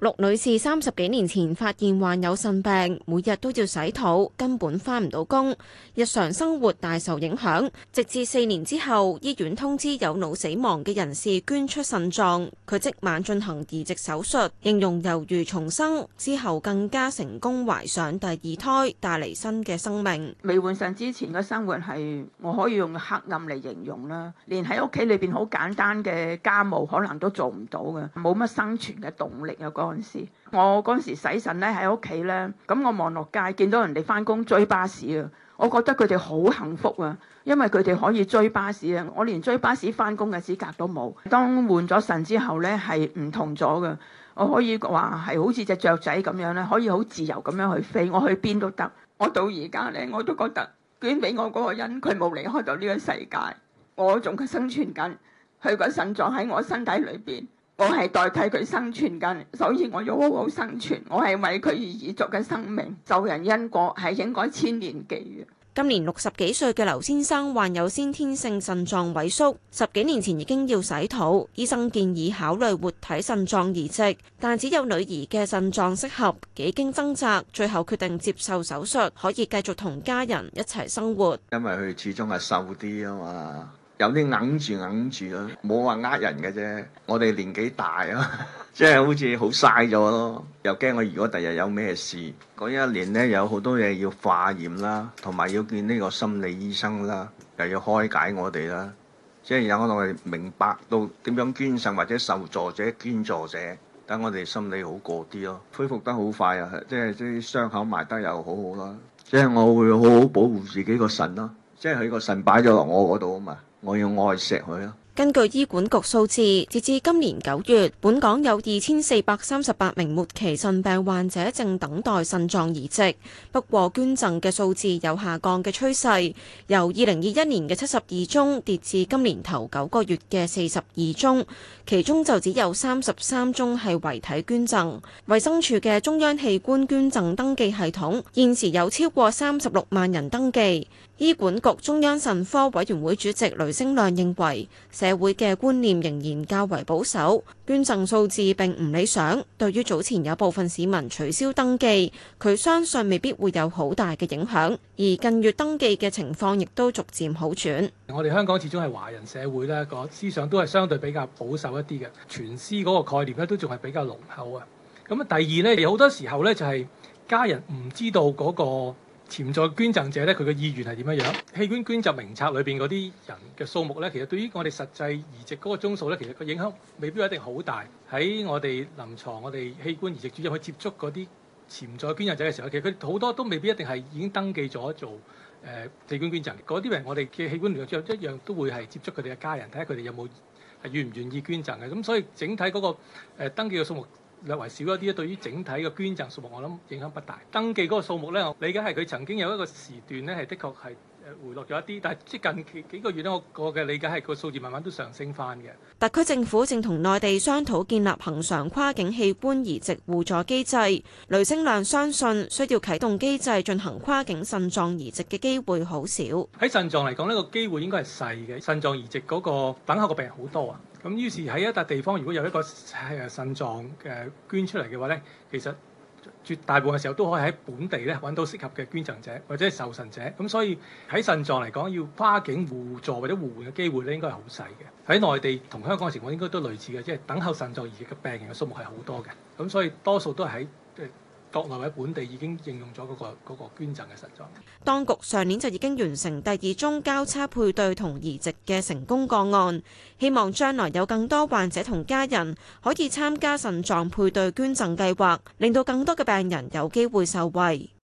陸女士三十幾年前發現患有腎病，每日都要洗肚，根本返唔到工，日常生活大受影響。直至四年之後，醫院通知有腦死亡嘅人士捐出腎臟，佢即晚進行移植手術，形容猶如重生。之後更加成功懷上第二胎，帶嚟新嘅生命。未換腎之前嘅生活係我可以用黑暗嚟形容啦，連喺屋企裏邊好簡單嘅家務可能都做唔到嘅，冇乜生存嘅動力啊個。嗰時，我嗰時洗腎咧，喺屋企咧，咁我望落街，見到人哋翻工追巴士啊！我覺得佢哋好幸福啊，因為佢哋可以追巴士啊！我連追巴士翻工嘅資格都冇。當換咗腎之後咧，係唔同咗噶。我可以話係好似隻雀仔咁樣咧，可以好自由咁樣去飛。我去邊都得。我到而家咧，我都覺得捐俾我嗰個人，佢冇離開到呢個世界，我仲生存緊，佢個腎臟喺我身體裏邊。我係代替佢生存緊，所以我要好好生存。我係為佢而而作緊生命，造人因果係應該千年記。今年六十幾歲嘅劉先生患有先天性腎臟萎縮，十幾年前已經要洗肚，醫生建議考慮活體腎臟移植，但只有女兒嘅腎臟適合。幾經掙扎，最後決定接受手術，可以繼續同家人一齊生活。因為佢始終係瘦啲啊嘛。有啲揞住揞住咯，冇話呃人嘅啫。我哋年紀大咯、啊，即 係好似好嘥咗咯，又驚我如果第日有咩事嗰一年呢有好多嘢要化驗啦，同埋要見呢個心理醫生啦，又要開解我哋啦，即係讓我哋明白到點樣捐腎或者受助者捐助者，等我哋心理好過啲咯、啊，恢復得好快啊！即係啲傷口埋得又好好、啊、啦，即係我會好好保護自己個腎咯，即係佢個腎擺咗落我嗰度啊嘛。我要愛錫佢啊。根據醫管局數字，截至今年九月，本港有二千四百三十八名末期腎病患者正等待腎臟移植。不過，捐贈嘅數字有下降嘅趨勢，由二零二一年嘅七十二宗跌至今年頭九個月嘅四十二宗，其中就只有三十三宗係遺體捐贈。衛生署嘅中央器官捐贈登記系統現時有超過三十六萬人登記。醫管局中央腎科委員會主席雷聲亮認為，社會嘅觀念仍然較為保守，捐贈數字並唔理想。對於早前有部分市民取消登記，佢相信未必會有好大嘅影響。而近月登記嘅情況亦都逐漸好轉。 我哋香港始終係華人社會咧，個思想都係相對比較保守一啲嘅，全屍嗰個概念咧都仲係比較濃厚啊。咁啊，第二呢，好多時候呢，就係家人唔知道嗰、嗰個。潛在捐贈者咧，佢嘅意願係點樣樣？器官捐贈名冊裏邊嗰啲人嘅數目咧，其實對於我哋實際移植嗰個宗數咧，其實個影響未必一定好大。喺我哋臨床、我哋器官移植主任去接觸嗰啲潛在捐贈者嘅時候，其實佢好多都未必一定係已經登記咗做誒、呃、器官捐贈。嗰啲人我哋嘅器官聯絡處一樣都會係接觸佢哋嘅家人，睇下佢哋有冇係願唔願意捐贈嘅。咁所以整體嗰、嗰個、呃、登記嘅數目，略為少一啲，對於整體嘅捐贈數目，我諗影響不大。登記嗰個數目呢，我理解係佢曾經有一個時段呢，係的確係。回落咗一啲，但係即近期幾個月咧，我個嘅理解係個數字慢慢都上升翻嘅。特區政府正同內地商討建立恒常跨境器官移植互助機制。雷星亮相信需要啟動機制進行跨境腎臟移植嘅機會好少。喺腎臟嚟講，呢個機會應該係細嘅。腎臟移植嗰個等候嘅病人好多啊，咁於是喺一笪地方如果有一個誒腎臟誒捐出嚟嘅話咧，其實。絕大部分嘅時候都可以喺本地咧揾到適合嘅捐贈者或者受腎者，咁所以喺腎臟嚟講，要跨境互助或者互換嘅機會咧應該係好細嘅。喺內地同香港嘅情況應該都類似嘅，即係等候腎臟移植嘅病人嘅數目係好多嘅，咁所以多數都係喺。國內喺本地已經應用咗嗰個嗰個捐贈嘅腎臟。當局上年就已經完成第二宗交叉配對同移植嘅成功個案，希望將來有更多患者同家人可以參加腎臟配對捐贈計劃，令到更多嘅病人有機會受惠。